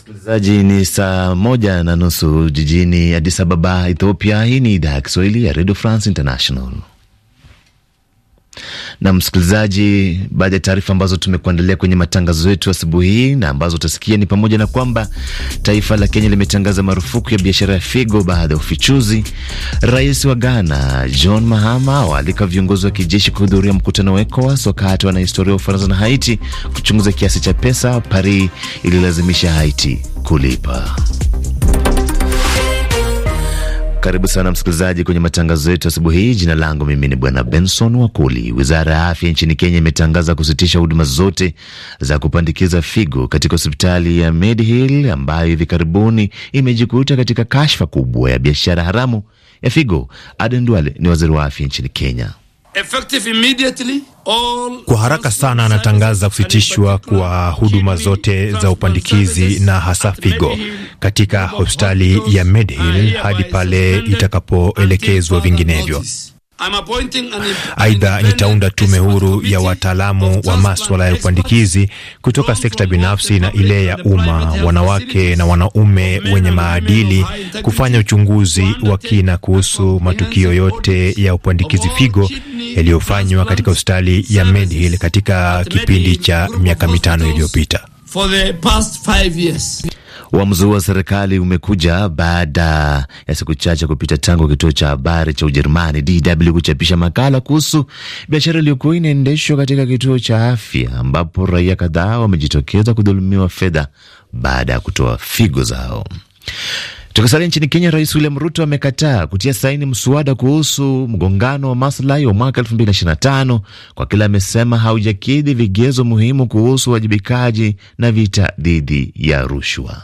Msikilizaji, ni saa moja na nusu jijini Addis Ababa, Ethiopia. Hii ni idhaa ya Kiswahili ya Radio France International. Na msikilizaji, baadhi ya taarifa ambazo tumekuandalia kwenye matangazo yetu asubuhi hii na ambazo utasikia ni pamoja na kwamba taifa la Kenya limetangaza marufuku ya biashara ya figo baada ya ufichuzi. Rais wa Ghana John Mahama waalika viongozi wa kijeshi kuhudhuria mkutano wa ECOWAS, wakati wanahistoria wa Ufaransa na Haiti kuchunguza kiasi cha pesa Paris ililazimisha Haiti kulipa. Karibu sana msikilizaji kwenye matangazo yetu asubuhi hii. Jina langu mimi ni Bwana Benson Wakuli. Wizara ya afya nchini Kenya imetangaza kusitisha huduma zote za kupandikiza figo katika hospitali ya Medhill ambayo hivi karibuni imejikuta katika kashfa kubwa ya biashara haramu ya figo. Aden Duale ni waziri wa afya nchini Kenya. Kwa haraka sana anatangaza kusitishwa kwa huduma zote za upandikizi na hasa figo katika hospitali ya Medhill hadi pale itakapoelekezwa vinginevyo. Aidha, nitaunda tume huru ya wataalamu wa maswala ya upandikizi kutoka sekta binafsi na ile ya umma, wanawake na wanaume wenye maadili, kufanya uchunguzi wa kina kuhusu matukio yote ya upandikizi figo yaliyofanywa katika hospitali ya Medhill katika kipindi cha miaka mitano iliyopita. Uamuzi wa serikali umekuja baada ya siku chache kupita tangu kituo cha habari cha Ujerumani DW kuchapisha makala kuhusu biashara iliyokuwa inaendeshwa katika kituo cha afya, ambapo raia kadhaa wamejitokeza kudhulumiwa fedha baada ya kutoa figo zao. Tukisalia nchini Kenya, Rais William Ruto amekataa kutia saini mswada kuhusu mgongano wa maslahi wa mwaka 2025 kwa kile amesema haujakidhi vigezo muhimu kuhusu uwajibikaji na vita dhidi ya rushwa.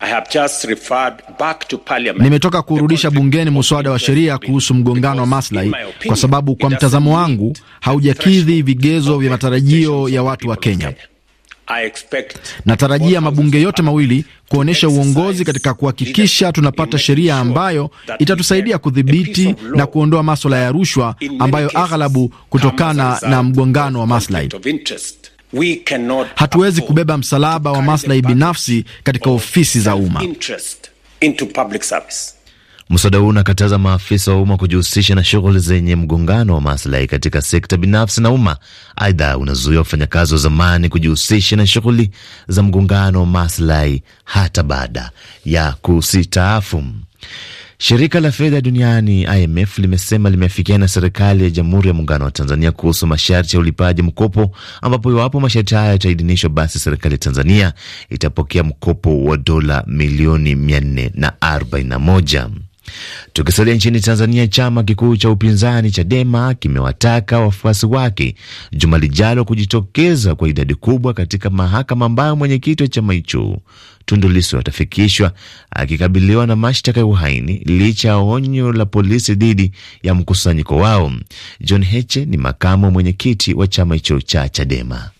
I have just referred back to parliament. Nimetoka kuurudisha bungeni muswada wa sheria kuhusu mgongano wa maslahi kwa sababu kwa mtazamo wangu haujakidhi vigezo vya matarajio ya watu wa Kenya. Natarajia mabunge yote mawili kuonyesha uongozi katika kuhakikisha tunapata sheria ambayo itatusaidia kudhibiti na kuondoa maswala ya rushwa ambayo aghalabu kutokana na mgongano wa maslahi. Hatuwezi kubeba msalaba wa maslahi binafsi katika ofisi za umma. Mswada huu unakataza maafisa wa umma kujihusisha na shughuli zenye mgongano wa maslahi katika sekta binafsi na umma. Aidha, unazuia wafanyakazi wa zamani kujihusisha na shughuli za mgongano wa maslahi hata baada ya kusitaafu. Shirika la fedha duniani IMF limesema limeafikiana na serikali ya Jamhuri ya Muungano wa Tanzania kuhusu masharti ya ulipaji mkopo, ambapo iwapo masharti hayo yataidhinishwa, basi serikali ya Tanzania itapokea mkopo wa dola milioni 441. Tukisalia nchini Tanzania, chama kikuu cha upinzani Chadema kimewataka wafuasi wake juma lijalo kujitokeza kwa idadi kubwa katika mahakama ambayo mwenyekiti wa chama hicho Tundu Lissu atafikishwa akikabiliwa na mashtaka ya uhaini licha ya onyo la polisi dhidi ya mkusanyiko wao. John Heche ni makamu mwenyekiti wa chama hicho cha Chadema.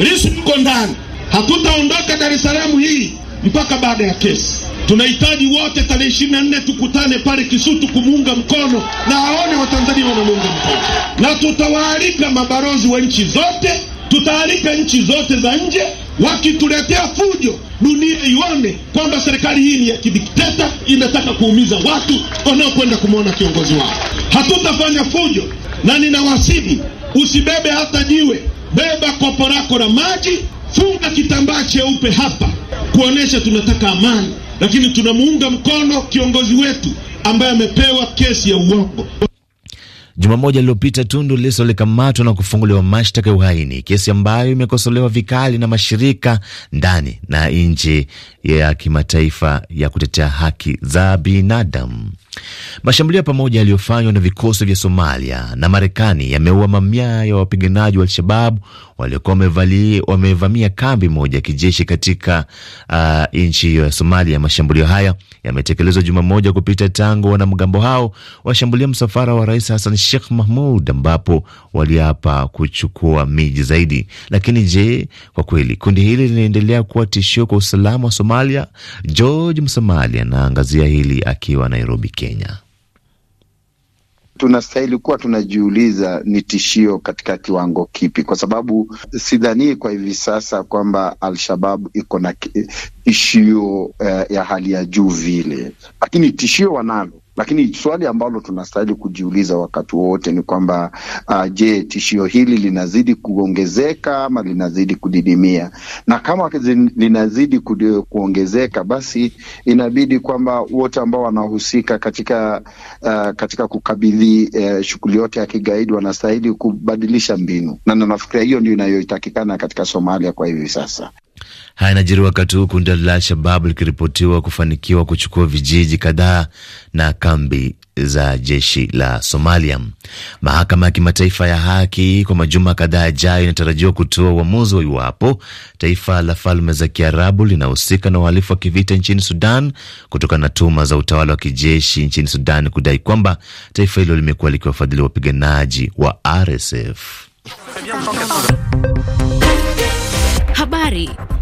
Lissu mko ndani, hakutaondoka Dar es Salaam hii mpaka baada ya kesi Tunahitaji wote tarehe 24 nne tukutane pale Kisutu kumuunga mkono na aone Watanzania wanamuunga mkono, na tutawaalika mabalozi wa nchi zote, tutaalika nchi zote za nje. Wakituletea fujo, dunia ione kwamba serikali hii ni ya kidikteta, inataka kuumiza watu wanaokwenda kumwona kiongozi wao. Hatutafanya fujo, na ninawasihi usibebe hata jiwe, beba kopo lako la maji, funga kitambaa cheupe hapa kuonesha tunataka amani, lakini tunamuunga mkono kiongozi wetu ambaye amepewa kesi ya uongo. Juma moja lililopita Tundu Lissu alikamatwa na kufunguliwa mashtaka ya uhaini, kesi ambayo imekosolewa vikali na mashirika ndani na nje ya kimataifa ya kutetea haki za binadamu. Mashambulio ya pamoja yaliyofanywa na vikosi vya Somalia na Marekani yameua mamia ya wapiganaji wa Alshababu waliokuwa wamevamia kambi moja ya kijeshi katika uh, nchi hiyo ya Somalia. Mashambulio haya yametekelezwa juma moja kupita tangu wanamgambo hao washambulia msafara wa Rais Hassan Sheikh Mahmud, ambapo waliapa kuchukua miji zaidi. Lakini je, kwa kweli kundi hili linaendelea kuwa tishio kwa usalama wa Somalia? Somalia. George Msomali anaangazia hili akiwa Nairobi, Kenya. Tunastahili kuwa tunajiuliza ni tishio katika kiwango kipi, kwa sababu sidhanii kwa hivi sasa kwamba al iko na tishio uh, ya hali ya juu vile, lakini tishio wanalo lakini swali ambalo tunastahili kujiuliza wakati wote ni kwamba uh, je, tishio hili linazidi kuongezeka ama linazidi kudidimia? Na kama linazidi kuongezeka, basi inabidi kwamba wote ambao wanahusika katika uh, katika kukabidhi uh, shughuli yote ya kigaidi wanastahili kubadilisha mbinu, na nafikiria hiyo ndio inayotakikana katika Somalia kwa hivi sasa. Haya najiri wakati huu kundi la Al-Shabab likiripotiwa kufanikiwa kuchukua vijiji kadhaa na kambi za jeshi la Somalia. Mahakama ya Kimataifa ya Haki kwa majuma kadhaa yajayo inatarajiwa kutoa uamuzi wa iwapo taifa la Falme za Kiarabu linahusika na uhalifu wa kivita nchini Sudan, kutokana na tuhuma za utawala wa kijeshi nchini Sudan kudai kwamba taifa hilo limekuwa likiwafadhili wapiganaji wa RSF. Habari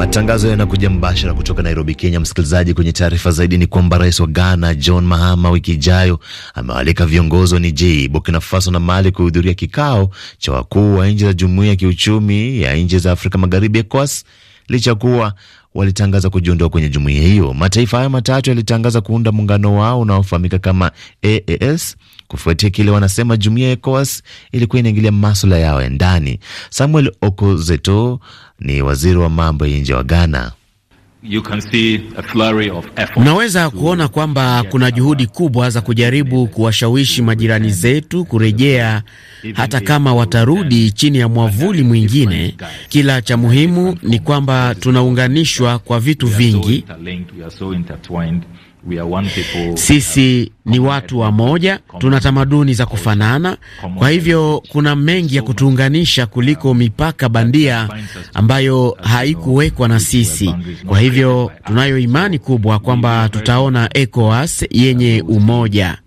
Matangazo yanakuja mbashara kutoka Nairobi, Kenya. Msikilizaji, kwenye taarifa zaidi ni kwamba rais wa Ghana John Mahama wiki ijayo amewaalika viongozi wa Nijeri, Burkina Faso na Mali kuhudhuria kikao cha wakuu wa nchi za jumuiya ya kiuchumi ya nchi za Afrika Magharibi, ECOWAS, licha kuwa walitangaza kujiondoa kwenye jumuiya hiyo. Mataifa hayo matatu yalitangaza kuunda muungano wao unaofahamika kama AAS kufuatia kile wanasema jumuiya ya ECOWAS ilikuwa inaingilia maswala yao ya ndani. Samuel Okozeto ni waziri wa mambo ya nje wa Ghana. Unaweza kuona kwamba kuna juhudi kubwa za kujaribu kuwashawishi majirani zetu kurejea, hata kama watarudi chini ya mwavuli mwingine. Kila cha muhimu ni kwamba tunaunganishwa kwa vitu vingi. Sisi ni watu wa moja, tuna tamaduni za kufanana. Kwa hivyo kuna mengi ya kutuunganisha kuliko um, mipaka bandia ambayo haikuwekwa na sisi. Kwa hivyo tunayo imani kubwa kwamba tutaona ECOWAS yenye umoja.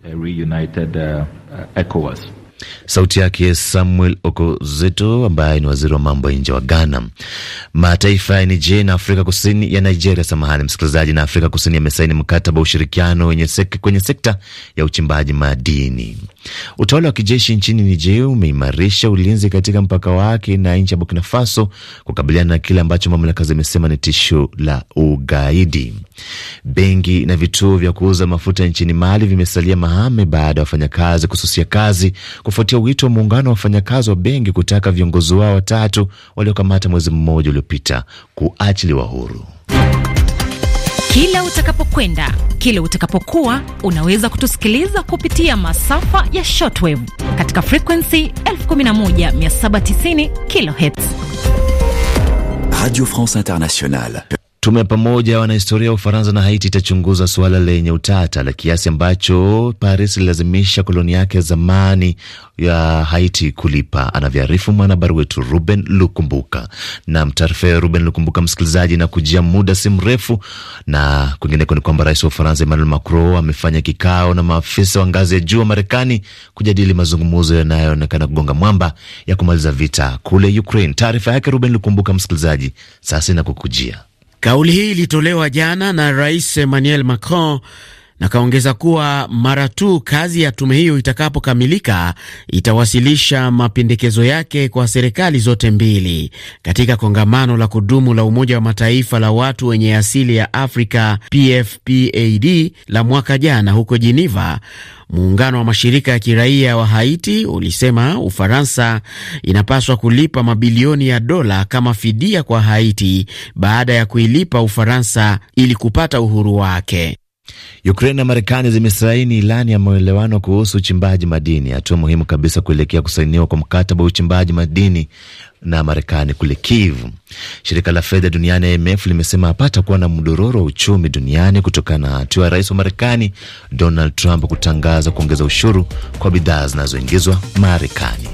Sauti yake Samuel Okozeto ambaye ni waziri wa mambo ya nje wa Ghana. Mataifa ya Niger na Afrika Kusini ya Nigeria, samahani msikilizaji, na Afrika Kusini yamesaini mkataba wa ushirikiano kwenye sekta ya uchimbaji madini. Utawala wa kijeshi nchini Niger umeimarisha ulinzi katika mpaka wake na nchi ya Burkina Faso kukabiliana na kile ambacho mamlaka zimesema ni tisho la ugaidi. Benki na vituo vya kuuza mafuta nchini Mali vimesalia mahame baada ya wafanyakazi kususia kazi kufuatia wito wa muungano wa wafanyakazi wa benki kutaka viongozi wao watatu waliokamata mwezi mmoja uliopita kuachiliwa huru. Kila utakapokwenda, kila utakapokuwa, unaweza kutusikiliza kupitia masafa ya shortwave katika frequency 11790 kilohertz. Radio France Internationale. Tume ya pamoja ya wanahistoria wa Ufaransa na Haiti itachunguza suala lenye utata la kiasi ambacho Paris ililazimisha koloni yake ya zamani ya Haiti kulipa, anavyoarifu mwanahabari wetu Ruben Lukumbuka. Na mtaarifa Ruben Lukumbuka, msikilizaji, na kujia muda si mrefu. Na kwingineko ni kwamba rais wa Ufaransa Emmanuel Macron amefanya kikao na maafisa wa ngazi ya juu wa Marekani kujadili mazungumzo yanayoonekana kugonga mwamba ya kumaliza vita kule Ukraine. Taarifa yake Ruben Lukumbuka, msikilizaji, sasa inakukujia. Kauli hii ilitolewa jana na Rais Emmanuel Macron na kaongeza kuwa mara tu kazi ya tume hiyo itakapokamilika itawasilisha mapendekezo yake kwa serikali zote mbili. Katika kongamano la kudumu la Umoja wa Mataifa la watu wenye asili ya Afrika PFPAD la mwaka jana huko jiniva muungano wa mashirika ya kiraia wa Haiti ulisema Ufaransa inapaswa kulipa mabilioni ya dola kama fidia kwa Haiti baada ya kuilipa Ufaransa ili kupata uhuru wake. Ukraine na Marekani zimesaini ilani ya maelewano kuhusu uchimbaji madini, hatua muhimu kabisa kuelekea kusainiwa kwa mkataba wa uchimbaji madini na Marekani kule Kiev. Shirika la fedha duniani IMF limesema hapata kuwa na mdororo wa uchumi duniani kutokana na hatua ya rais wa Marekani Donald Trump kutangaza kuongeza ushuru kwa bidhaa zinazoingizwa Marekani.